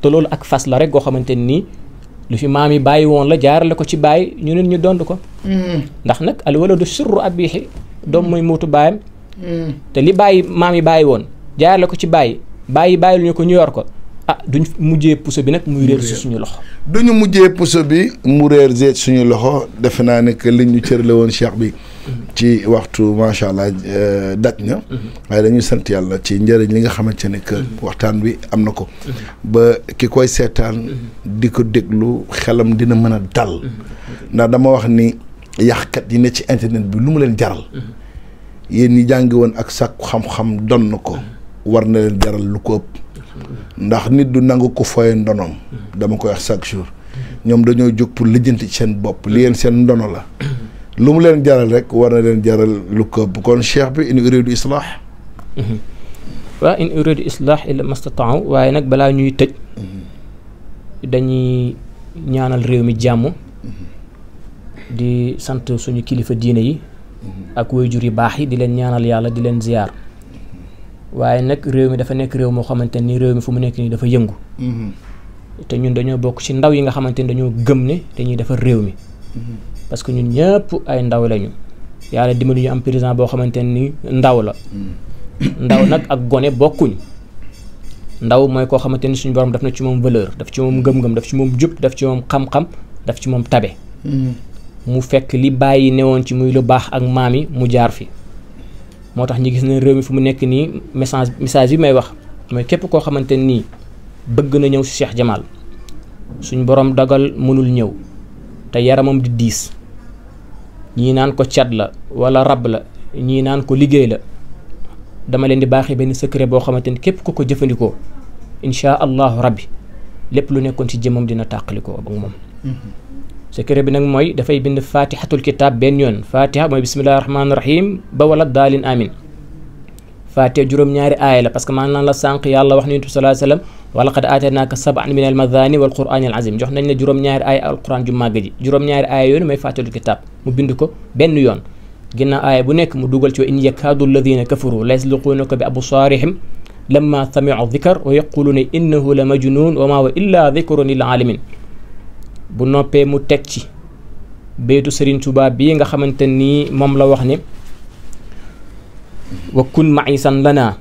te loolu ak fas la rek goo xamante nii lu fi maam yi bàyyi woon la jaarale ko ci bàyyi ñu ne ñu dond ko hmm. ndax nag al waladu sirru abiihi doom mooy muutu baayam hmm. te li bàyyi maam yi bàyyi woon jaarale ko ci bàyyi bàyyi bàyyi lu ñu ko ñu yor ko ah duñ mujjee puso bi nag muy réer si suñu loxo duñu mujjee puso bi mu réer suñu loxo defe naa ne que liñ ñu cër la woon cheikh bi ci waxtu macha allah euh, daj na mhm. waaye dañuy sant yàlla ci njëriñ li nga xamante ne que mhm. waxtaan bi am na ko mhm. ba ki koy seetaan di ko déglu xelam dina mën a dal ndax dama wax ni yàqkat yi ne ci internet bi lu mu leen jaral yéen ñi jàngi woon ak sàkku xam-xam don na ko war na leen jaral lu ko ëpp ndax nit du nangu ko foye ndonoom dama koy wax chaque jour ñoom dañoo jóg pour lijjanti seen bopp li yéen seen ndono la lu mu leen jaral rek war na leen jaral lu ko kon cheikh bi in uridu islaax waaw in illa mastata'u waaye nag balaa ñuy tëj dañuy ñaanal réew mi jàmm di sant suñu kilifa diine yi ak jur yu baax yi di leen ñaanal yàlla di leen ziyaar waaye nag réew mi dafa nekk réew moo xamante ni réew mi fu mu nekk nii dafa yëngu. Mm-hmm. te ñun dañoo bokk ci ndaw yi nga xamante ni dañoo gëm ne dañuy defar réew mi. Mm-hmm. parce que ñun ñëpp ay ndaw lañu. yàlla dimbali ñu am président boo xamante ni ndaw la. Mm-hmm. ndaw nag ak gone bokkuñ. ndaw mooy koo xamante ni suñu borom daf na ci moom valeur daf ci moom ngëm-ngëm daf ci moom jub daf ci moom xam-xam daf ci moom tabe. mu fekk li bàyyi ne woon ci muy lu baax ak maam yi mu jaar fi. moo tax ñu gis ne réew mi fu mu nekk nii message message bi may wax mooy képp koo xamante nii bëgg na ñëw si Cheikh Jamal suñ borom dogal mënul ñëw te yaramam di diis ñii naan ko cat la wala rab la ñii naan ko liggéey la dama leen di baaxee benn secret boo xamante ni képp ku ko jëfandikoo incha allahu rabbi lépp lu nekkoon ci jëmmam dina tàqalikoo ak moom. Mm-hmm. secret bi nag mooy dafay bind fatihatul kitab benn yoon fatiha mooy bisimillahi rahmaani rahim ba wala daalin amin fatiha juróom-ñaari aaya la parce que maanaam la sànq yàlla wax na yonent bi sallallahu alayhi wa sallam wa laqad aataynaaka sab'an min al madani wal qur'ani al azim jox nañ la juróom-ñaari aaya alquran ju juróom-ñaari aaya yoonu mooy fatihatul kitab mu bind ko ben yoon ginnaaw aaya bu nekk mu dugal ci wa in yakaadu alladina kafaru la yasluquunaka bi absaarihim lamma la majnun wa ma illa dhikrun bu noppee mu teg ci beetu Serigne subaab bi nga xamante ni moom la wax ne wa kun maisan lana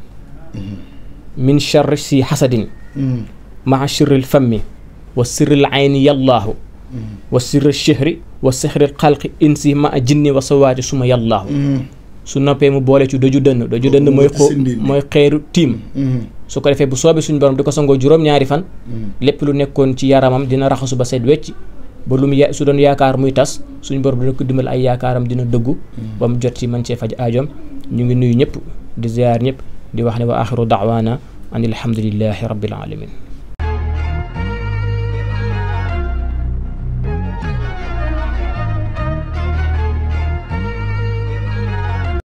min charri si xasadin maa sirril fammi wa sirril ayni yallaahu wa sirril chihri wa sixril xalqi insi ma a jinni wa sawaati suma yallaahu mm-hmm. su noppee mu boole ci doju dënn doju dënn mooy xeeru tiim mm-hmm. su ko defee bu soobee suñu borom di ko sangoo juróom-ñaari fan mm. lépp lu nekkoon ci yaramam dina raxasu ba set wecc ba lu mu ya su doon yaakaar muy tas suñu borom dina ko dimbal ay yaakaaram dina dëggu mm. ba mu jot ci man cee faj aajoom ñu ngi nuyu ñëpp di ziyaar ñëpp di wax ne wa axiru daawaana an alhamdulillahi rabbil alamin